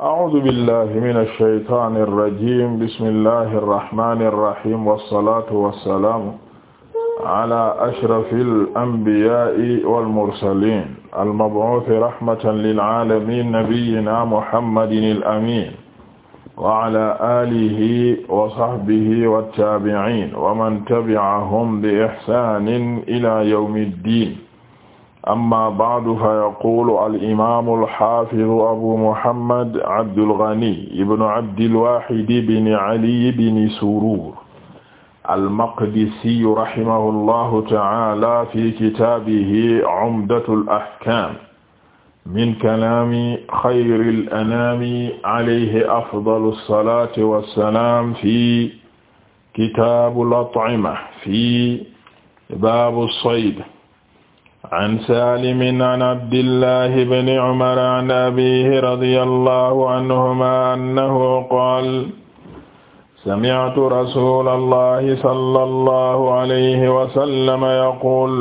أعوذ بالله من الشيطان الرجيم بسم الله الرحمن الرحيم والصلاة والسلام على أشرف الأنبياء والمرسلين المبعوث رحمة للعالمين نبينا محمد الأمين وعلى آله وصحبه والتابعين ومن تبعهم بإحسان إلى يوم الدين amma ba'du fa yaqulu al-imaamu al-haafidu abu muhammad abdul ghani ibn abdil waahid ibn ali ibn surur al-maqdisi rahimahullahu ta'ala fi kitaabihi umdatul ahkaam min kalaami xayril anaami alayhi afdalu salaati wa salaam fi kitaabil at'ima fi baabu sayd an saalimin an abdillahi bni umar an abihi radi allahu anhuma annahu qaal sami'tu rasula allahi sala allahu alayhi wasallama yaquul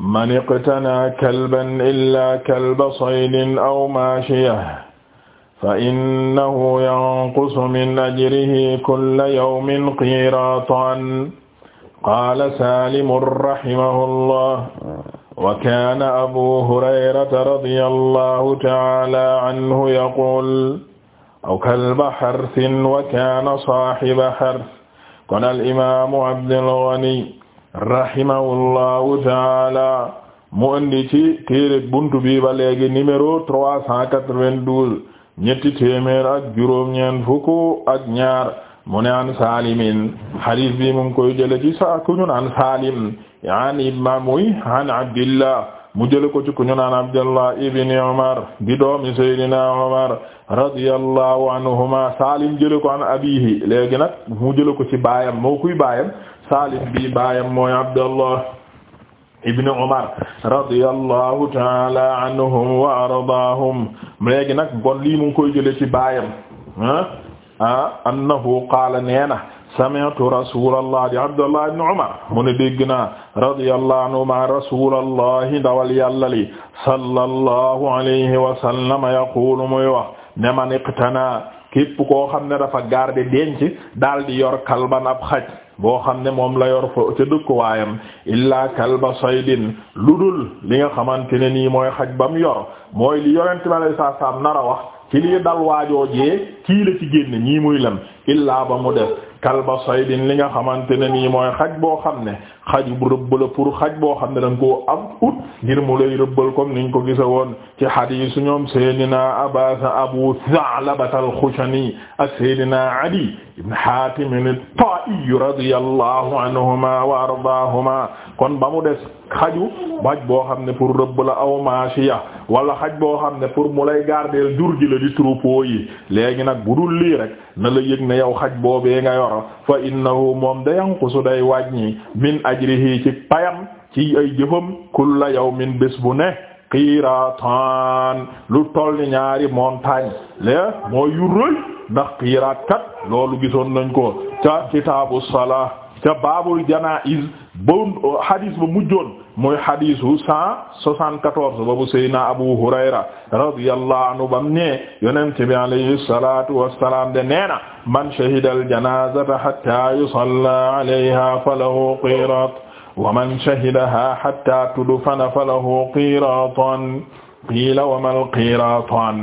man iqtanaa kalban illaa kalba saydin aw maashiya fa innahu yanqusu min ajrihi kulla yawmin qiiraataan qaala saalimun rahimahullah wa kaana abu hurayrata radiyallahu ta'ala anhu yaqul aw kalba harsin wa kaana saahiba hars kon al imaamu Abdul Ghani rahimahullahu ta'ala mu andi ci téere buntu bi ba léegi numéro 392 ñetti téeméer ak juróom ñeent fukk ak ñaar mu ne an salimin hadis bi mu ngi koy jële ci sa ku ñu naan salim an imam muy an abdillah mu jële ko ci ku ñu naan abdillah ibn umar di doomi seydina umar radiyallahu anhuma salim jële ko an abihi léegi nag mu jële ko ci baayam moo kuy baayam salim bi baayam mooy abdallah ibn umar radiyallahu taala anhum wa ardaahum nag lii mu ngi koy jële ci baayam Ah annahu qaala neena sami'tu rasulallah di abdullah ibn umar mu ne dégg naa ndawal yàlla li sallallahu alayhi wa sallam yaqulu muy wax ne man iqtana képp koo xam ne dafa garder denc daal di yor kalban ab xaj boo xam ne moom la yor fo ca dëkkuwaayam illaa kalba saydin ludul li nga xamante ne nii mooy xaj ba yor mooy li yorente bi salaam nar ci lii dal waajoojee kii la ci génne ñii muy lem illaa ba mu def kalba saydin li nga xamante ne nii mooy xaj boo xam ne xaj bu rëbb la pour xaj boo xam ne danga koo am ut ngir mu lay rëbbal comme niñ ko gisa woon ci hadiisu ñoom seydina abasa abu Sa'labatal Xushani ak seydina Adi ibn Haatim at-Taa'i radiyallahu anhuma wa ardaahuma kon ba mu des xaju baj boo xam ne pour rëbb la aw maashiya wala xaj boo xam ne pour mu lay gardeel jur gi la di troupeau yi léegi nag bu dul lii rek na la yëg ne yow xaj boobee nga yor fa innahu moom dayanqusu day wàññi min ajrihi ci payam ci ay jëfam kulla min bés bu ne qiiraataan lu toll ni ñaari montagne la mooy yu rëy ndax qiiraat kat loolu gisoon nañ ko ca kitaabu salaa ca baabul janaa'iz bon hadis ba mujjoon muy xadiisu cent soixante-quatorze boobu Seydina Abu Hurayra radiyallahu anhu bam ne yonent bi alayhi salatu wassalam de neena man shahida aljanazata hatta yusalla alayha falahu qirat wa man shahidaha hatta tudfana falahu qiratan qila wa mal qiratan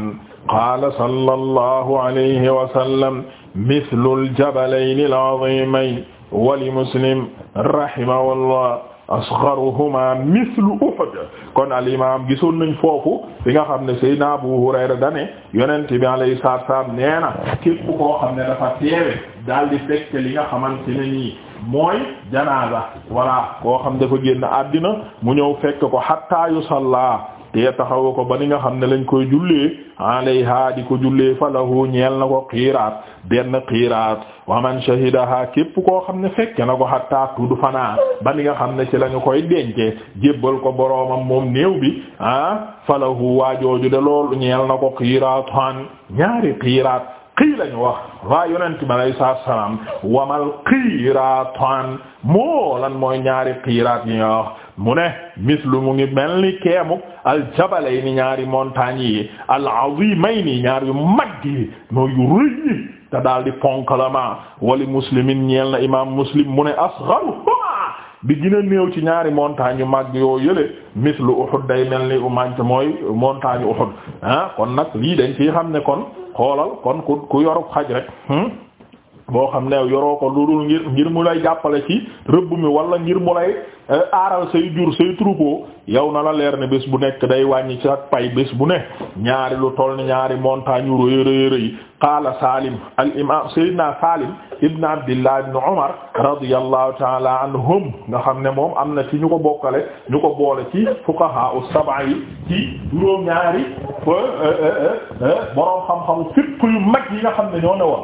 qaala sallallahu alayhi wa sallam mithlu aljabalayni alazimayni wa li Muslim rahimahullah asgharuhuma mislu Uhud kon al imam gisoon nañ foofu fi nga xam ne Seydina Abu Hurayra dane yonent bi alayhi salaatu salaam nee na képp koo xam ne dafa teewe daal di fekk li nga xamante ne nii mooy janaasa walla koo xam ne ko génn àddina mu ñëw fekk ko hatta yusalla te taxawa ko ba ni nga xam ne lañ koy jullee alayha di ko jullee falahu ñeel na ko xiiraat benn xiiraat wa man shahidaha képp koo xam ne fekke na ko hatta tudd fanaa ba ni nga xam ne ci lañu koy dencee jébbal ko boroomam moom néew bi ah falahu waajooju de loolu ñeel na ko xiiraatan ñaari xiiraat xii lañu wax waa yonent bi alayhi wa salaam wamal moo lan mooy ñaari qiiraat yi wax mu ne mislu mu ngi mel ni keemu aljabalayni ñaari montagnes yi alazimayni ñaari yu mag yi mooy yu rëy yi te daal di fonkalama wali muslimin ñeel imaam muslim mu ne bi gën a néew ci ñaari montagne yu mag yoo yële mislu Uhud day mel ni umante mooy montagne Uhud ah kon nag lii dañ ciy xam ne kon xoolal kon ku ku yorub xaj rek hmm? boo xam ne yoroo ko lu dul ngir ngir mu lay jàppale ci rëbb mi walla ngir mu lay Eh, aaral say jur say troupeau yow na la leer ne bés bu nekk day wàññi ci ak pay bés bu ne ñaari lu toll ni ñaari montagne yu rëy rëy rëy qaala Salim al imam Seydina Salim ibn Abdillah ibn Umar radiyallahu taala anhum nga xam ne moom am na ci ñu ko bokkale ñu ko boole ci fuqaha as-sab'a yi ci juróom ñaari eh, eh, boroom xam-xamu fiq yu mag yi nga xam ne ñoo ne woon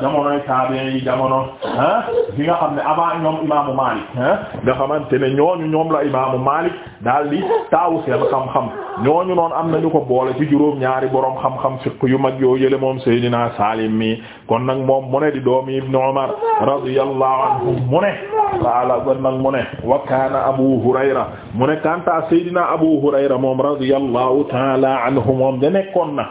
jamonoy tabi'i yi jamono ah yi nga xam ne avant ñoom imaamu Maalik nga xamante ne ñooñu ñoom la imaamu Maalik daal di taawu seen xam-xam ñooñu noonu am nañu ko boole ci juróom ñaari boroom xam-xam fiq yu mag yoo yële moom Seydina Saalim mi kon nag moom mu di doomi Ibnu Umar radiyallahu anhu mu ne waala kon nag mu ne wa kaana Abu Hurayra mu ne kanta Seydina Abu Hurayra moom radiyallahu taala anhu moom da nekkoon na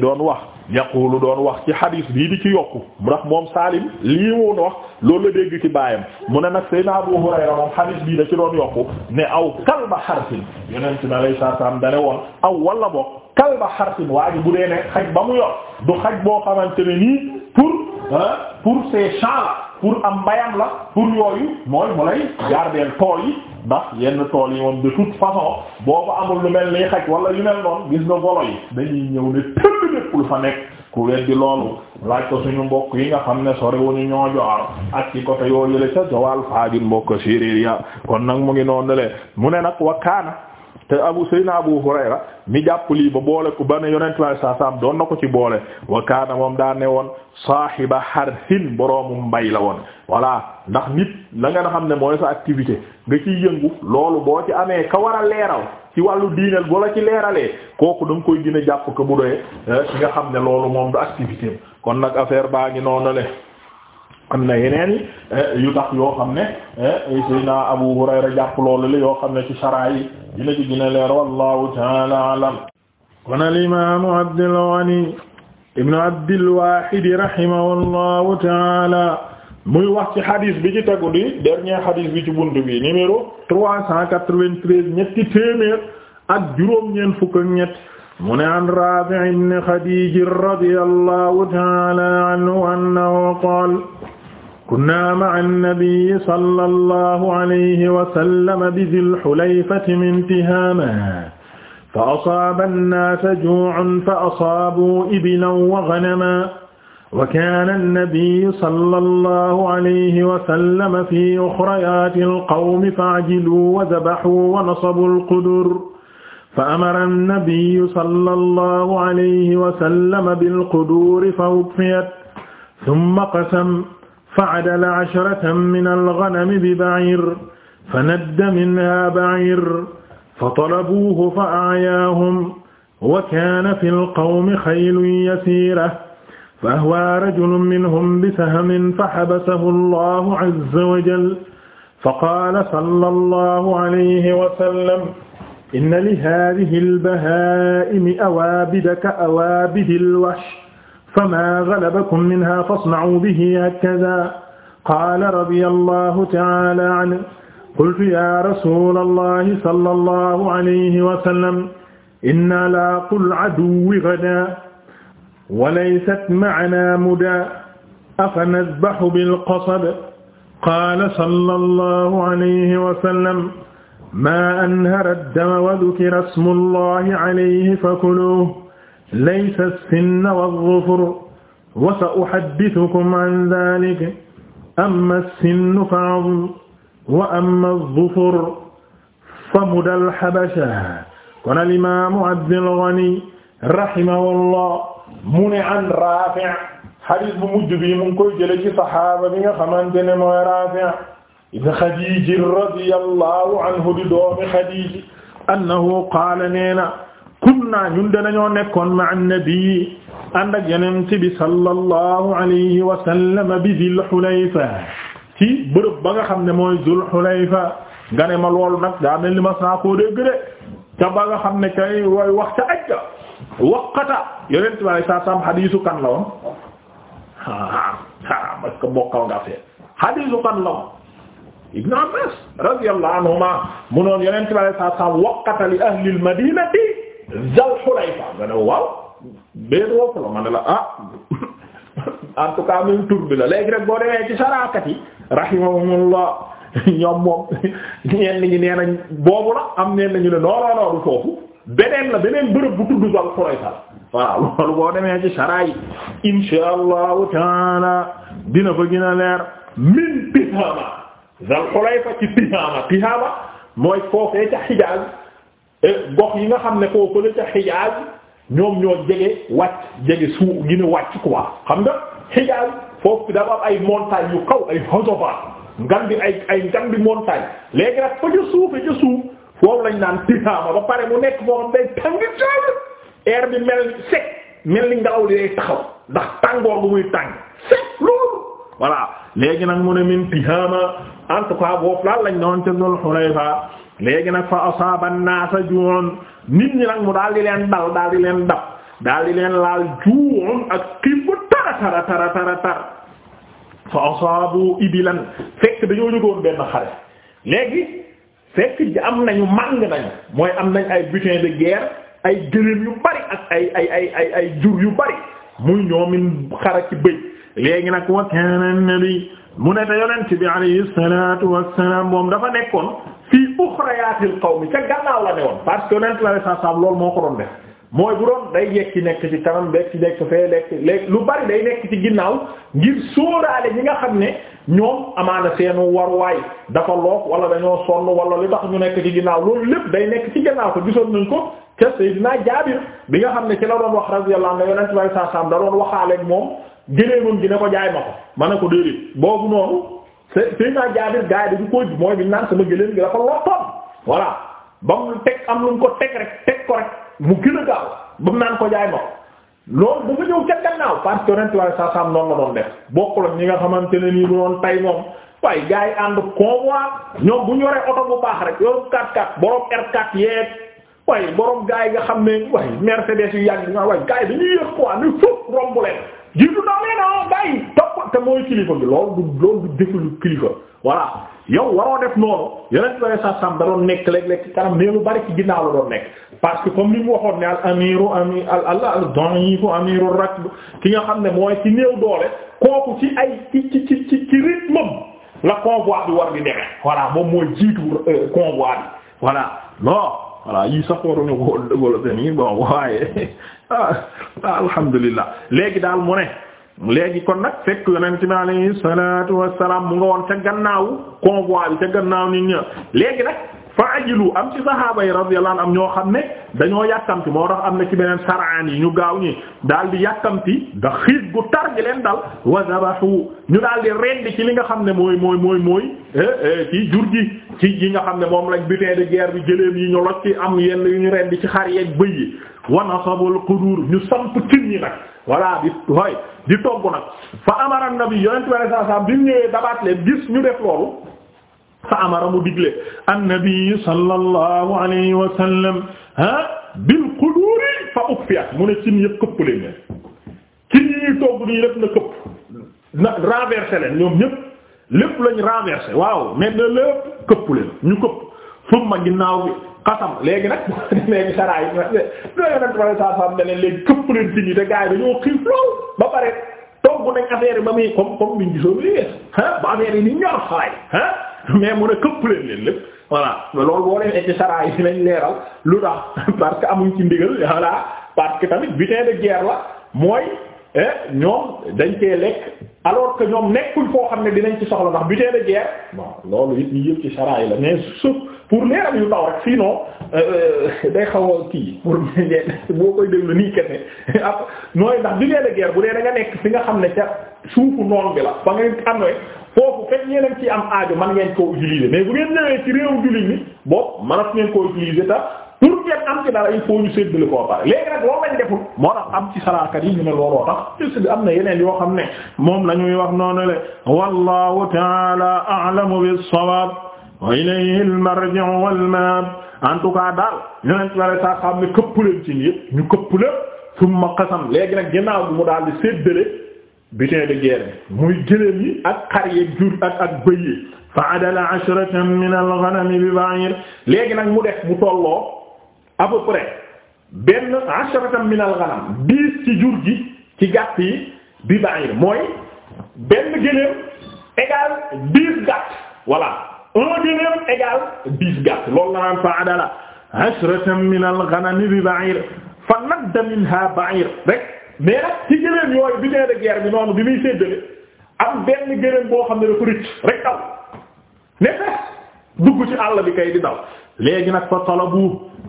doon wax yaqulu doon wax ci xadiis bii di ci yokku ndax moom Salim lii woon wax loolu la dégg ci baayam mu ne nag Seydina Abu Hurayra moom xadiis bii da ci doon yokku ne aw kalba xarsin yonent mi alayhi salaam dane woon aw wala boog kalba xarsin waa ji bu dee ne xaj ba mu yor du xaj boo xamante ne nii pour pour ces champs pour am mbayam la pour yooyu mooy mu lay gardeel tool yi ba yenn tool yi moom de toute façon boobu amul lu mel ni xaj wala yu mel noonu gis nga golo lépp lu fa nekk ku weddi loolu laaj ko suñu mbokk yi nga xam ne sore wuñu ñoo joor ak ci côté yoo yële ca Joal Fadiouth mbokk séeréer ya kon nag mu ngi noonu le mu ne nag wa kaana te abu sayna abu hurayra mi jàpp lii ba boole ku ba ne yonent lay saa saam doon na ko ci boole wa kaana moom daa ne woon saahiba harsin boroomu mbay la woon voilà ndax nit la nga xam ne mooy sa activité nga ciy yëngu loolu boo ci amee ka war a leeraw ci wàllu diineel wala ci leeralee kooku da nga koy gën jàpp ko bu doyee eh, ki nga xam ne loolu moom du activité kon nag affaire baa ngi noonu le am na yeneen eh, yu tax yoo xam ne eh, sayna Abu Hurayra jàpp loolu la yoo xam ne ci saraa yi dina ci gën a leer wallahu taala alam kon al imaamu Abdul Ghani ibnu Abdil Wahid rahimahullahu taala muy wax ci xadis bi ci tegu di dernier xadis bi ci buntu bi numéro trois cent quatre-vingt-treize ñetti téeméer ak juróom-ñeent fukk ak ñett mu ne an Raafi' ibn Khadij radiyallahu ta'ala anhu annahu qaala kunna ma'a an-nabiyyi sallallahu alayhi wa sallam bi Dhil Hulayfati min Tihama fa asaaba an-naasa juu'un fa asaabuu ibilan wa ghanaman wa kaana an-nabiyyu sallallahu alayhi wa sallam fi uxrayaati al-qawmi fa'ajiluu wa dabahuu wa nasabuu al-qudur فأمر النبي صلى الله عليه وسلم بالقدور فأطفئت ثم قسم فعدل عشرة من الغنم ببعير فند منها بعير فطلبوه فأعياهم وكان في القوم خيل يسيرة fa ahwaa rajulun minhum bi sahmin fa habasahu Allahu azza wa jalla fa qaala sallallahu alayhi wa sallam inna li haadihi al-bahaa'imi awaabida ka awaabidi al-wahsh famaa ghalabakum minhaa fasna'uu bihi hakadhaa qaala radiyallahu ta'aalaa anhu qultu yaa rasuulallahi sallallahu alayhi wa sallam inna laaqul aduwwi ghadan walaysat ma'anaa mudaa afanadbahu bilqasad qaala sallallahu alayhi wa sallam maa anhara ad-dama wa dhukira ismullahi alayhi fakuluuhu laysa as-sinnu wadh-dhufru wa sa-uhaddithukum an dhaalika amma as-sinnu fa'adhmu wa amma adh-dhufru famudaa al-habasha kon al-imaamu Abdul Ghani rahimahullah mu ne an Raafi' xadis bu mujj bi mu ngi koy jële saxaaba bi nga xamante ne mooy Raafi' ibn Xadiij radiyallahu anhu di doomi Xadiij annahu qaala nee na kunna ñun danañoo nekkoon ma annabi ànd ak yonent bi sallallahu alayhi wa sallam bi Zul Xulayfa ci bërëb ba nga xam ne mooy Zul Xulayfa gane ma loolu nag daa mel ni mas naa koo dégg de ba nga xam ne kay way wax ca ajja waqata yonent bi saa saam xadiisu kan la woon ah ah nga fee xadiisu kan la waaw benn wopp la ma ne la ah en tout cas même tur bi la léegi rek boo demee ci saraakat yi rahimahumullah ñoom moom ñeen ñi nee nañ boobu la am ñeen ñu ne non non beneen na beneen bërëb bu tudd Zal Qurayza waaw loolu boo demee ci saraay insha allahu dina fa gën a leer min Tihaama Zal ci Tihaama Tihaama mooy foofee ca Hijaaz eh, gox yi nga xam ne foofu la ca Hijaaz ñoom ñoo jege wàcc jege suuf gën a wàcc xam nga Hijaaz foofu dafa am ay montagnes yu kaw ay Hosofa ngan bi ay ay bi montagne léegi nag fa ca suuf ca suuf foofu lañ naan tihaama ba pare mu nekk boo xam day tàngi tool air bi mel sec mel ni ngelaw li day taxaw ndax tàngoor bu muy tàng sec loolu voilà léegi nag mu ne min tihaama en tout cas boofu laal lañ doon ca Zul Hulayfa léegi nag fa asaaba an-naasa ju'un nit ñi nag mu daal di leen dal daal di leen dab daal di leen laal ju'un ak xiif bu tara tara tara tara fa asaabu ibilan fekk dañoo jógoon benn xare léegi fekk am nañu màng nañu mooy am nañ ay butin de guerre ay gëléem yu bari ak ay ay ay ay ay jur yu bari muy ñoomin xara ci bëy léegi nag wa kana nabi mu ne te yonent bi alayhi salatu wassalam moom dafa nekkoon fii uxrayaatil qawmi ca gannaaw la ne woon parce que yonent la resasab loolu moo ko doon def mooy bu doon day yekki nekk ci kanam bekk ci nekk fee lekk lekk lu bari day nekk ci ginnaaw ngir sóoraale ñi nga xam ne ñoom amaana seenu waruwaay dafa loof wala dañoo sonn wala li tax ñu nekk ci ginnaaw loolu lépp day nekk ci ginnaaw ko gisoon nañ ko ca Seydina Jaabir bi nga xam ne ci la doon wax radiyallahu anhu yonent bi saa saam da doon waxaale ak moom gëléemam gi ne ko jaay ma ko ma ne ko déedéet boobu noonu Seydina Jaabir gaa yi dañu ko mooy bi naan sama gëléem gi dafa lottoon voilà ba mu am lu ko teg rek teg mu gën a gaaw ba mu naan ko jaay ma loolu dafa ñëw ca gannaaw parce que yonent waaye saa saam noonu la doon def bokkul ak ñi nga xamante ne nii bu doon tay moom waay gars yi ànd convoi ñoom bu ñu yoree oto bu baax rek yoonu 4x4 borom R4 yeeg waaye borom gars yi nga xam ne waaye Mercedes yu yàgg nga waaye gars yi dañuy yëg quoi ni foofu romb leen jiitu ndaw nee na ah gars te mooy kilifa bi loolu du loolu du defalu kilifa voilà yow waroo def noonu yeneen ci wàllu sàmm da doon nekk léeg-léeg ci kanam lu bari ci ginnaaw la doon nekk. parce que comme li mu waxoon ne al amiru ami al allah ki nga xam ne mooy ci néew doole kooku ci ay ci ci ci ci ci bi war di demee voilà moom mooy jiitu euh, convoi bi voilà non. voilà yii sax waruñu ko développé nii bon waaye ah, alhamdulillah léegi daal mu ne. léegi kon nag fekk yonent bi alayhi salaatu wassalaam mu nga woon ca gannaawu convoi bi ca gannaaw nit ña léegi nag fa ajilu am ci saxaaba yi radiyallahu anhum ñoo xam ne dañoo yàkkamti moo tax am na ci beneen saraan yi ñu gaaw ñi daal di yàkkamti da xiit gu tar gi leen dal wa zabahu ñu daal di ci li nga xam ne mooy mooy mooy mooy eh, eh, ci jur ci yi nga xam ne moom lañ butin de guerre bi jëleem yi ñu loj am yenn yu ñu rendi ci xar yeeg bëy yi wa nasabul qudur ñu samp tin ñi nag voilà bi way di togg nag fa amara nabi yonent bi sallallahu alayhi wasallam bi ñëwee dabaat gis ñu def loolu fa amara mu digle annabi sallallahu alayhi wasallam ah bil quduri fa ukfiyat mu ne cin yëpp këpp leen leen cin togg nii lépp na këpp na leen ñoom ñëpp lépp lañ renversé waaw mais na lépp këpp leen ñu këpp summa ginnaaw bi xasam léegi nag léegi saraa yi léegi nag wala saa saa ne léegi këpp leen ci ñi te gars yi dañoo xiif lool ba pare togg nañ affaire yi ba muy comme comme ni ñu gisoon lii ah ba affaire yi ni ñor xaay ah mais mu ne këpp leen leen lépp voilà loolu boo leen ci saraa yi dinañ leeral lu tax parce que amuñ ci ndigal voilà parce que tamit butin de guerre la mooy eh, ñoom dañ cee lekk. alors que ñoom nekkuñ foo xam ne dinañ ci soxla ndax butin de guerre bon loolu it ñu yëpp ci saraay la mais su pour leeral yu ndaw rek sinon euh, day xaw a kii pour boo koy déglu nii ndax butin de guerre bu dee da nga nekk fi nga xam ne ca suufu noonu bi la ba ngeen amee foofu fekk ñeneen ci am aajo man ngeen koo utiliser mais bu ngeen ñëwee ci réew jullit ni boobu mënat ngeen koo utiliser ta pour ngeen am ci dara il faut ñu séddale koo pare léegi nag loolu lañ deful moo tax am ci salaakat yi ñu ne looloo tax am na yeneen yoo xam ne moom la ñuy wax noon le wallahu ta'ala a'lamu bis-sawab wa ilayhi al-marji'u wal-ma'ab en tout cas daal ñu neñ ware sa xam ne këpp leen ci yëpp ñu këpp la summa qasam léegi nag ginnaaw bi mu daal di séddale butin de guerre bi muy gëléem yi ak xar yeeg jur ak ak fa adala ashratan min al-ghanam bi ba'ir léegi nag mu def mu tolloo à peu près benn asharatan min al ghanam dix ci jur gi ci gàtt yi bi ba'ir mooy benn gëléem égal dix gàtt voilà un gëléem égal dix gàtt loolu la naan fa adala asharatan min al ghanam bi ba'ir fa nadda minha ba'ir rek mais nag ci gëléem yooyu bi nee de guerre bi noonu bi muy séddale am benn gëléem boo xam ne dafa rëcc rek daw ne fekk dugg ci àll bi kay di daw léegi nag fa talabu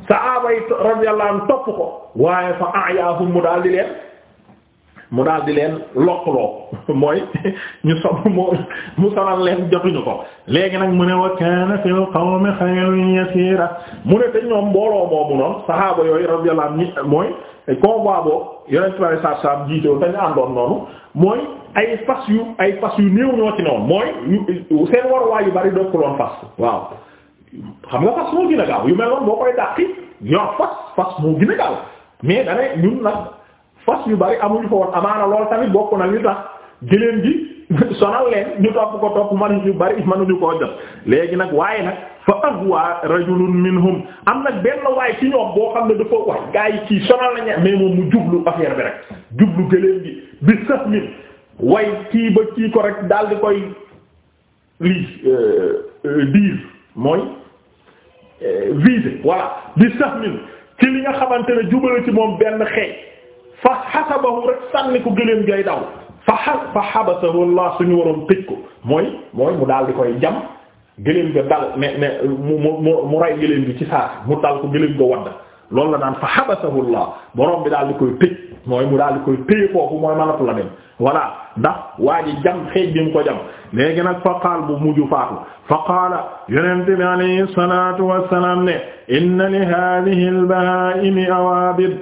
sahaaba yi radiyallahu anhu topp ko waaye fa a'yaahum mu daal di leen mu daal di leen lokkloo mooy ñu som mu sonal leen jotuñu ko léegi nag mu ne wa kaana fil qawmi xayrun mu ne te ñoom mbooloo moomu noonu sahaaba yooyu radiyallahu anhu ñi mooy convoi boobu yonent bi alayhi salaatu salaam jiite woon dañu àndoon noonu mooy ay fas yu ay fas yu néew ñoo ci newoon mooy seen waruwaay yu bari dokkuloon fas waaw xam nga fas moo gën yu mel noonu boo koy dàqi ñor fas fas moo gën mais da ne ñun nag fas yu bari amuñu fa woon amaana lool tamit bokk na li tax gëléem gi sonal leen ñu topp ko topp man ñu bari mënuñu koo jot léegi nag waaye nag fa ahwa rajulun minhum am nag benn waay ci ñoom boo xam ne dafa wax gaa yi kii sonal nañu mais moom mu jublu affaire bi rek jublu gëléem gi bi sax min way kii ba kii ko rek daal di koy lii euh, euh, diir mooy. visé voilà bi sax ci li nga xamante ne jubale ci moom benn xeej fa xasabahu rek sànni ko gëléem ngay daw fa a fa xabasahu Allah suñu waroon tëj ko mooy mooy mu daal di koy jam gëléem ga dal mu mu mu rey gëléem gi ci saa mu dal ko gëléem ga wadd loolu la naan fa xabasahu Allah borom bi daal di koy tëj mooy mu daal di koy téye foofu mooy mënatu la dem voilà ndax waa ji jam xeej bi mu ko jam léegi nag fa qaal bu mujj faatu fa qaala yonente bi alayhi salatu wassalam ne inna li hadhihi al bahaimi awaabid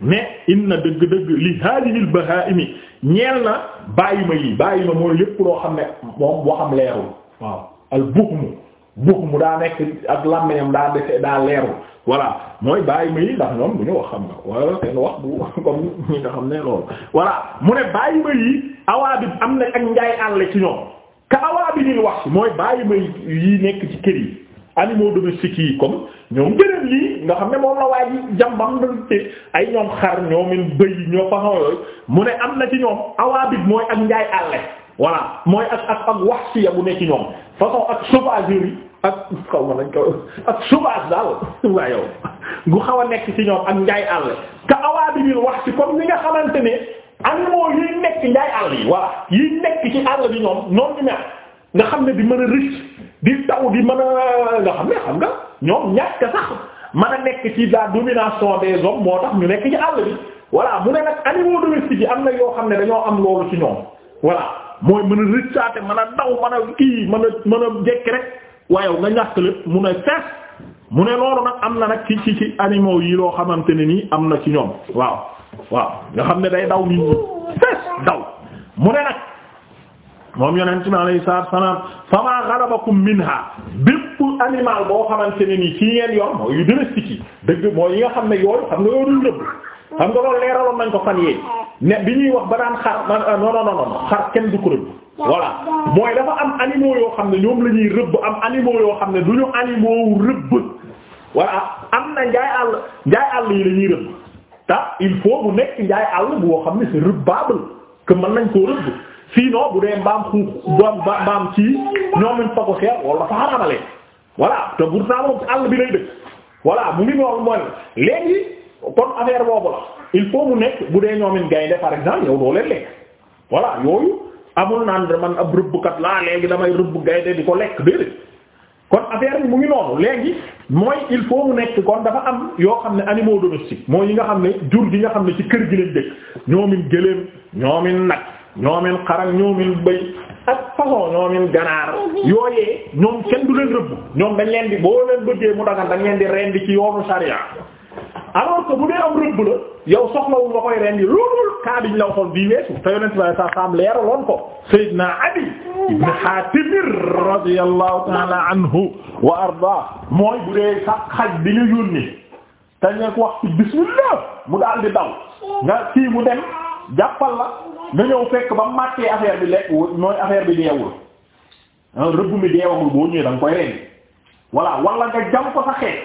ne inna dëgg-dëgg li hadhihi al bahaimi ñeel na bàyyi ma yi bàyyi ma mooy lépp loo xam ne moom boo xam leerul waaw al buhmu bux mu daa nekk ak làmmiñam daa dese daa leeru voilà mooy bàyyi ma yi ndax ñoom bu ñu wax xam nga wala seen wax bu comme ñi nga xam ne loolu voilà mu ne bàyyi ma yi awaabit am na ak njaay àll ci ñoom ka awaabitil wax mooy bàyyi ma yi nekk ci kër yi animaux domestiques yi comme ñoom gëneen lii nga xam ne moom la waaye ji jàmbam da ay ñoom xar ñoomin bëy ñoo fa mu ne am na ci ñoom awaabit mooy ak njaay àll voilà mooy ak bu ne ci ñoom ak xaw ma nañ ko ak subaas daal waa yow gu xaw a nekk ci ñoom ak njaay àll ka awaabibil wax ci comme ni nga xamante ne animaux yiy nekk njaay àll yi voilà yiy nekk ci àll bi ñoom ñoom ñu mel ne di mën a rëcc di taw di mën a nga xam ne xam nga ñoom ñàkk sax mën a nekk ci la domination de hommes moo tax ñu nekk ci àll bi voilà mu ne nag animaux domestiques yi am na yoo xam ne dañoo am loolu ci ñoom voilà mooy mën a rëccaate mën a daw mën a kii mën a mën a jekk rek wayow nga ñàkk lépp mu ne fees mu ne loolu nag am na nag ci ci ci animaux yi loo xamante ne nii am na ci ñoom waaw waaw nga xam ne day daw nit ñi fees daw mu ne nag moom yonent mi alayhi salaatu salaam fama ghalabakum minha bépp animal boo xamante ne nii ci ngeen yor mooy yu domestique yi dëgg mooy yi nga xam ne yooyu xam nga yoodul nëbb xam nga loolu leeraloon nañ ko fan yee ne bi ñuy wax ba daan xar non non non xar kenn du ko voilà mooy dafa am animaux yoo xam ne ñoom la ñuy rëbb am animaux yoo xam ne du ñu animaux rëbb voilà am na njaay àll njaay àll yi la ñuy rëbb te il faut bu nekk njaay bu boo xam ne c'est rëbbable que mën nañ koo rëbb sinon bu dee mbaam xuux doom mbaam ci ñoom lañ fa ko xeer wala te pourtant moom àll bi lay dëkk voilà mu ngi noonu mooy léegi kon affaire boobu la il faut mu nekk bu dee ñoomin gaynde par exemple yow doo leen lekk voilà yooyu amul naan man ab rëbbkat laa léegi damay rëbb gaynde di ko lekk déedéet kon affaire bi mu ngi noonu léegi mooy il faut mu nekk kon dafa am yoo xam ne animaux domestiques mooy yi nga xam ne jur gi nga xam ne ci kër gi lañ dëkk ñoomin gëléem ñoomin nag ñoomin xarak ñoomin bëy ak façon ñoomin ganaar yooyee ñoom kenn du leen rëbb ñoom dañ leen di boo leen bëggee mu dagan dañ leen di rendi ci yoonu sariya alors que bu dee am rëbb la yow soxlawul nga koy rendi loolul kaa biñ la waxoon bi ko Seydina Adi ibn Hatim radiyallahu ta'ala anhu wa arda mooy bu dee sax bi nga yónni te nga bismillah mu daal di daw nga kii mu dem jàppal la nga ñëw bi deewul ah, rëbb mi deewamul boo ñëwee da koy rendi voilà wala nga jam sa xeet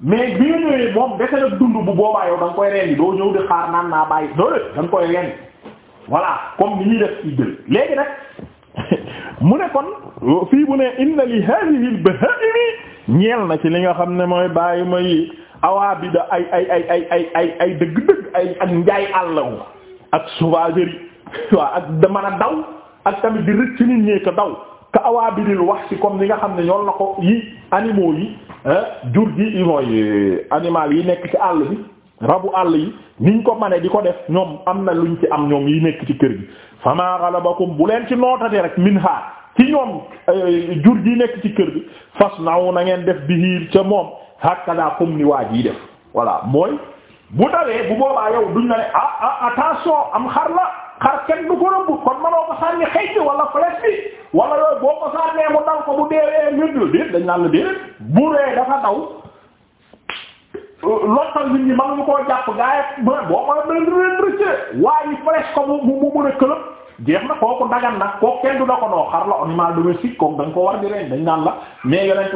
mais bi nga ñëwee moom dese nag dund bu boobaa yow da nga koy doo ñëw di xaar naan naa bàyyi doo da nga koy rendi voilà comme ni ñuy def ci jël léegi nag mu ne kon fii bu ne inna li hadhihi al bahaimi ñeel na ci li nga xam ne mooy bàyyi mooy awabida ay ay ay ay ay ay ay dëgg-dëgg ay ak njaay àllawu ak sauvagerie waaw ak da a daw ak tamit di rëcc nit ñee ko daw ka awabidil wax ci comme li nga xam ne ñool na ko yi animaux yi jur gi mooy euh, animal yi nekk ci àll bi rabu àll yi niñ ko mane di ko def ñoom am na luñ ci am ñoom yi nekk ci kër gi fama ghalabakum bu leen ci nootate rek min ha ci ñoom euh, jur gi nekk ci kër gi fas naw na ngeen def bihi ca moom hakada comme ni waa ji def voilà mooy bu dawee bu boobaa yow duñ na ne ah ah attention am xar la xar kenn du ko rëbb ko manoo ko sànni xëy bi wala flèche bi wala yooyu boo ko sànnee mu dal ko bu deewee ñun la déet dañ naan la déet bu dee dafa daw lottal nit ñi mënuñu koo jàpp gaa boo ko mën a mën a waaye flèche ko mu mu mu mën a këlëb jeex na kooku dagan na kooku kenn du da ko noo xar la animal domestique kooku da nga ko war di rey dañ naan la mais yonent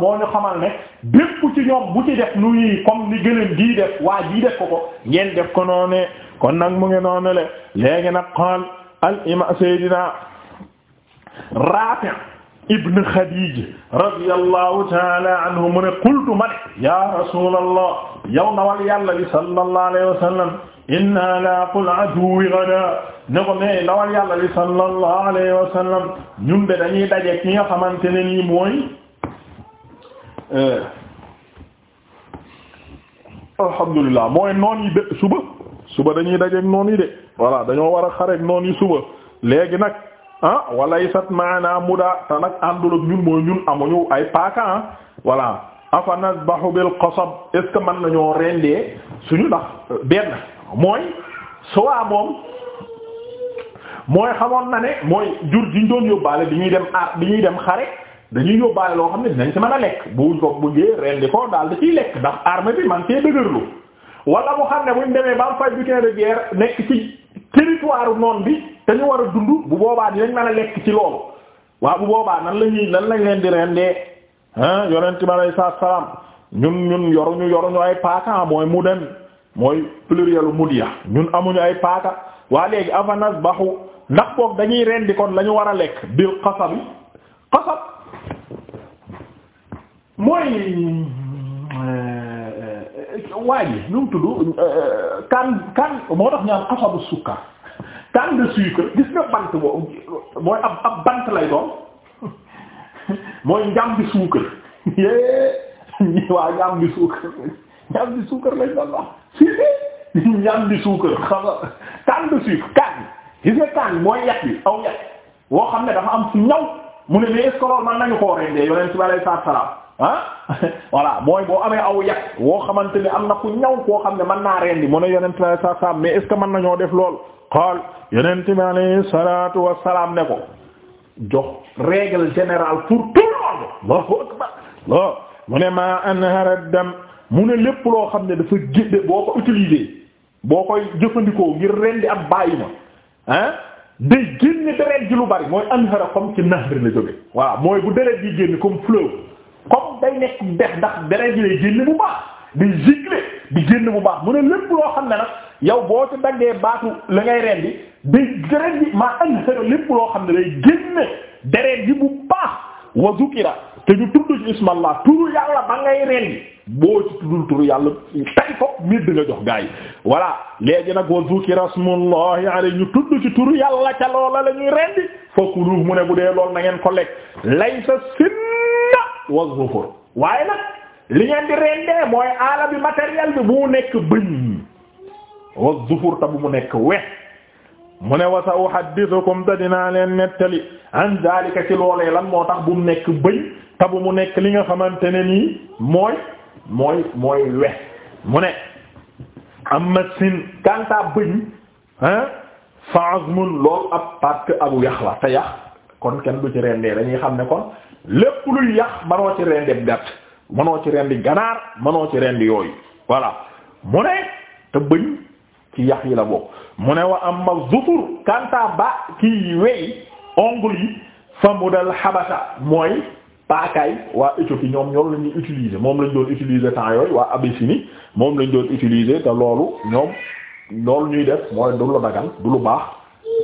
moo ñu xamal ne bépp ci ñoom bu ci def nuyi comme ni gëléem gii def waa jii def ko ko ngeen def ko noonee kon nag mu ngi noonu le léegi nag qaal al imam Seydina Rafi' ibn Khadij radiyallahu ta'ala anhu mu ne qultu ma ne ya rasulallah yow nawal yàlla li sallallahu alayhi wa inna la qul aduwi gada ne ko mais lawal yàlla li sallallahu alayhi wa sallam ñun de dañuy daje ki nga xamante ne nii mooy euh, alhamdulillah mooy noon yi de suba suba dañuy dajeek noon yi de voilà dañoo war a xareek noon yi suba léegi nag ah walaysat maana muda te nag àndul ak ñun mooy ñun amuñu ay paaka ah voilà afa nasbahu bil qasab est ce que nañoo rendee suñu ndax euh, benn mooy sowa moom mooy xamoon na ne mooy jur diñ doon yóbbaale di ñuy dem aar di ñuy dem xare dañuy yóbbaale loo xam ne dinañ si mën a lekk buñ ko bëggee di ko daal da ciy lekk ndax armée bi man cee dëgërlu wala mu xam ne buñ demee ba fay butin de guerre nekk ci territoire noon bi te ñu war a dund bu boobaa dinañ mën a lekk ci loolu waaw bu boobaa nan la ñuy nan lañ leen di rendee ah yonent bi alayhi salaam ñun ñun yoruñu ñu ay paaka mooy mu dem. mooy plurielu mudiya ñun amuñu ay paaka waa léegi afa nasbahu ndax boog dañuy rendi kon la war a lekk bil xasab yi xasab mooy euh, waa ji nu mu tudd euh, moo tax ñaan xasabu sukkar kan de sucre gis nga bant boobu mooy ab ab bant lay doon mooy njàm bi suukar é waa njàm bi suukar ñam bi suukar lañ doon wax si ñam bi suukar xam nga canne de sucre canne gis mooy yàq bi aw yàq woo xam ne dafa am su ñaw mu ne mais est-ce que loolu man nañu koo rendee yoneen si balay saat salaam ah voilà mooy boo amee aw yàq woo xamante ne am na ku ñaw koo xam ne mën naa rendi mu ne yoneen si balay saat salaam mais est-ce que mën nañoo def lool qaal yoneen si balay salaatu wassalaam ne ko jox règle générale pour tout le mu ne ma anhara dam mu ne lépp loo xam ne dafa gédde boo ko utiliser boo koy jëfandikoo ngir rendi am bàyyi ma ah day génne deret ji lu bari mooy anhara comme ci nahri la jóge voilà mooy bu deret ji génne comme fleuve comme day nekk dex ndax deret ji lay génne bu baax day gigle di génn bu baax mu ne lépp loo xam ne nag yow boo ci daggee baatu la ngay rendi day deret ji maa anhara lépp loo xam ne lay génne deret ji bu baax wa zukira te ñu tudd ci ismallah turu yàlla ba ngay reen boo ci tuddul turu yàlla tay ko mit di nga jox gaa yi voilà nag wa zukira smullahi alayhi ñu tudd ci turu yàlla ca loola la ñuy rendi fakuluhu mu ne bu dee lool na ngeen ko lekk laysa sinna wa zufur waaye nag li ngeen di rendee mooy aala bi matériel bi bu nekk bëñ wa zufur ta bu mu nekk wex mu ne wa sa uhaddithukum te dinaa leen nettali an zalika ci loolee lan moo tax bu mu nekk bëñ tabu mu nekk li nga xamante ne nii mooy mooy mooy we mu ne amma sin kanta bëñ ah fa azmun loolu ab parce que abu yax la te kon kenn du ci rendee dañuy xam ne kon lépp luy yax manoo ci rendi gàtt manoo ci rendi ganaar manoo ci rendi yooyu voilà mu ne te bëñ ci yax yi la bokk mu ne wa amma zufur kanta ba kii wey ongle yi fa mudal habasa mooy paakaay waa Éthiopie ñoom ñoom la utiliser moom lañ doon utiliser temps yooyu waa Abyssinie moom lañ doon utiliser te loolu ñoom lool ñuy def mooy du lu dagal du lu baax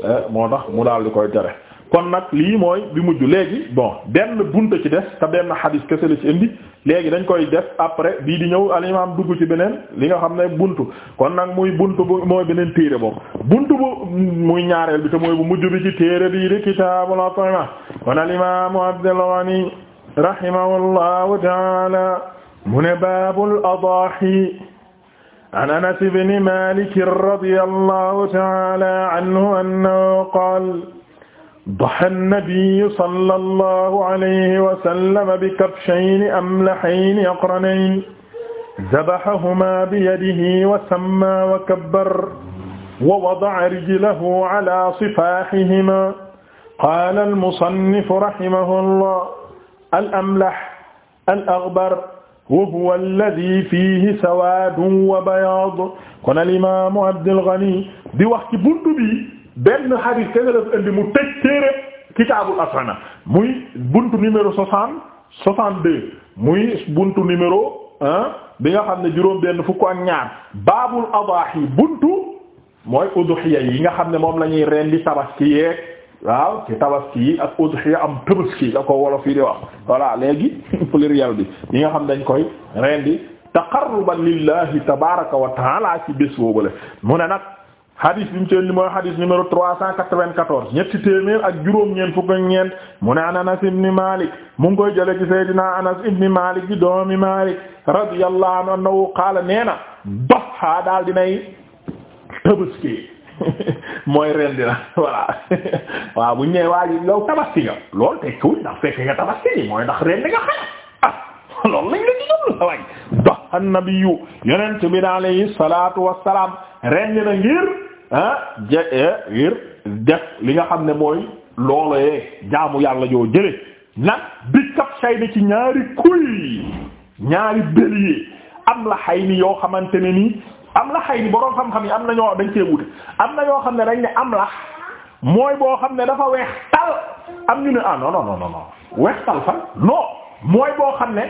eh, moo tax mu daal di koy tere kon nag lii mooy bi mujj léegi bon benn bunta ci des te benn xadis kese la ci indi léegi dañ koy def après bii di ñëw al imam dugg ci beneen li nga xam ne bunt kon nag muy bunt bu mooy beneen téere boobu buntu bu muy ñaareel bi te mooy bu mujj bi ci téere bii di rahimahullahu taala mu ne baabul adaahi an anas ibni malik radiyallahu taala anhu annahu qaala ضحى النبي صلى الله عليه وسلم بكبشين أملحين يقرنين ذبحهما بيده وسمى وكبر ووضع رجله على صفاحهما قال المصنف رحمه الله al amlah al aghbar wa huwa alladhi fihi sawaadun wa bayaad kon al imaam Abdul Ghani di wax ci buntu bi benn xadiis te la indi mu tëj téere kitaabul muy buntu numéro soixante soixante deux muy buntu numéro ah bi nga xam ne juróom benn fukk ak ñaar baabul adaahi buntu mooy yi nga xam ne moom la ñuy waaw ci tabaski yi ak udhiya am tabaski la ko wolo yi di wax voilà léegi pluriel bi yi nga xam dañ koy rendi taqarruban lillahi tabaraka wa taala ci bés boobule mu ne nag hadis bi mu ci indi mooy hadis numéro trois cent quatre-vingt-quatorze ñetti téeméer ak juróom-ñeent fukk ak ñeent mu ne an Anas ibn Malik mu ngi koy jële ci Seydina Anas ibn Malik bi doomi Malik radiyallahu anhu qaala nee na doha daal di dinay tabaski mooy rendi la voilà waaw bu ñu nee waa nga loolu te tuuti ndax fekk nga tabaski mooy ndax rendi nga xanaa ah loolu lañ la gisoon la waay dox annabiyu yonent bi alayhi salaatu wassalaam rendi na ngir ah je eh, ngir def li nga xam ne mooy loolee jaamu yàlla joo jëlee nag bi kap say ni ci ñaari kuy ñaari bélier am la xay ni yoo xamante ne nii am la xay ni boroom xam-xam yi am na ñoo dañ cee wute am na ñoo xam ne dañ ne am la mooy boo xam ne dafa weex tal am ñu ne ah non non non weex tal fan non mooy boo xam ne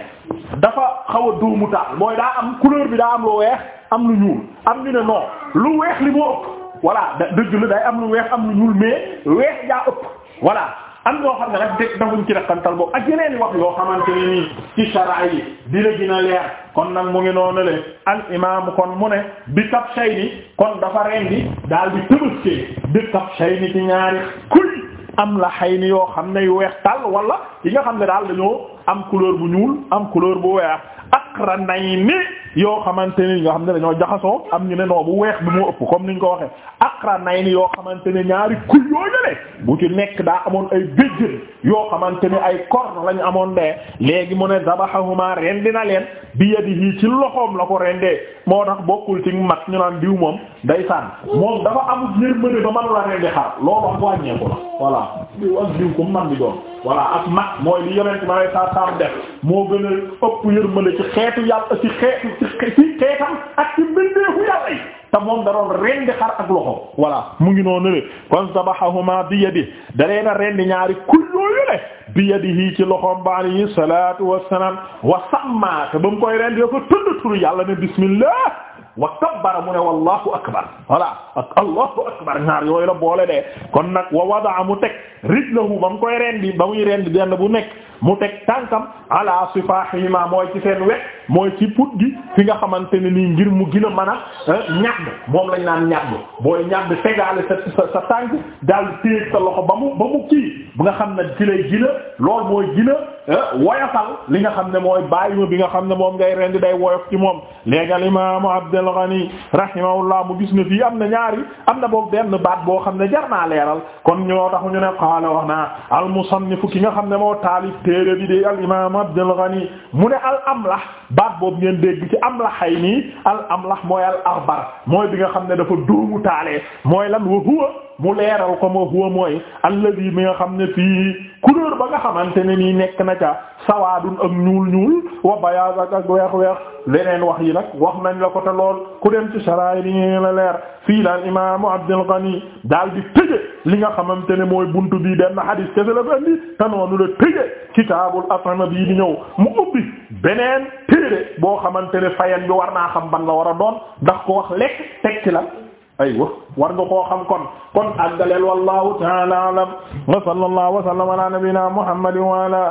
dafa xaw a dóomu taal mooy daa am couleur bi daa am lu weex am lu ñuul am ñu ne non lu weex li moo ëpp voilà dëgg la day am lu weex am lu ñuul mais weex jaa ëpp voilà am yoo xam ne nag dé dafuñ ci rakkantal boobu ak yeneen wax yoo xamante ne nii ci sara yi dina gën a kon nag mu ngi noonu le al imaamu kon mu ne bi kap shay ni kon dafa rendi daal di tëbaskee bi kap shay ni ci ñaari kuy am la xay ni yoo xam ne yu weex tàll wala yi nga xam ne daal dañoo am couleur bu ñuul am couleur bu weex aqranayni yoo xamante ni nga xam ne dañoo jaxasoo am ñu ne noo bu weex bi moo ëpp comme ni ñu ko waxee aqranayni yoo xamante ne ñaari kuy yoo jëlee bu ci nekk daa amoon ay béjjën yoo xamante ni ay corne lañu amoon de léegi mu ne dabahahuma rendi na leen bi yadihi ci loxoom la ko rendee moo tax bokkul ci mat ñu naan diw moom day sànn moom dafa amut yërmande ba mënu la rendi xaar loolu ak wàññeeku la voilà diw ak diw ko di doon voilà ma lay sa sam def moo gën a ëpp yërmande ci xeetu yàlla ci xeetu ci ak moom da loxo voilà mu ngi noonu le kon sabahahuma bi yadi da leen a ñaari kuy yooyu le bi yadihi ci loxoom ba alayhi salatu wassalam wa sammaata ba mu koy rendi dafa tudd turu yàlla ne bismillah wa kabbara mu ne wallahu akbar voilà ak allahu akbar ñaar yooyu la boole de kon nag wa wadaa mu teg rijlahu ba mu koy rendi ba muy rendi benn bu nekk mu teg tànkam ala sifahima mooy ci seen wet mooy ci put gi fi nga xamante ne nii ngir mu gën a mën a eh, ñadd moom lañ naan ñadd booy ñadd tegaale sa sa sa tànk daal téeg sa loxo ba mu ba mu kii bu nga xam ne ci lay gina lool mooy gina Eh, woyofal li nga xam ne mooy bàyyima bi nga xam ne moom ngay rendi day woyof ci moom léegi al imaamu Abdul Ghani rahimahullah mu gis ne fii am na ñaari am na boo benn baat boo xam ne jar naa leeral kon ñoo tax ñu ne qaala wax naa al ki nga xam ne moo taalif téere bi de al imaamu mu ne al la baat boobu ngeen dégg ci amlaxay nii al amlax mooy al arbar mooy bi nga xam ne dafa dóomu taalee mooy lan wa huwa mu leeral ko ma huwa mooy alladi bi nga xam ne fii couleur ba nga xamante ne nii nekk na ca sawaadun ak ñuul ñuul wa bayaaz ak weex weex leneen wax yi nag wax nañ la ko te lool ku dem ci saraay li ngeen la leer fii daal imaamu Abdul Ghani daal di tëje li nga xamante ne mooy bunt bii benn hadis kese la benn te noonu la tëje kitaabul di ñëw beneen téere boo xamante ne fayan bi war naa xam ban la war a doon ndax ko wax lekk tekki la aywa war nga koo xam kon kon àggaleel wallahu ta'ala a'lam wa sallallahu wa sallama ala nabiyyina muhammadin wa ala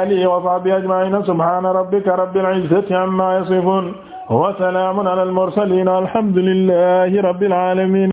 alihi wa sahbihi ajma'in subhana rabbika rabbil izzati amma yasifun wa salamun ala al mursalin alhamdulillahi rabbil alamin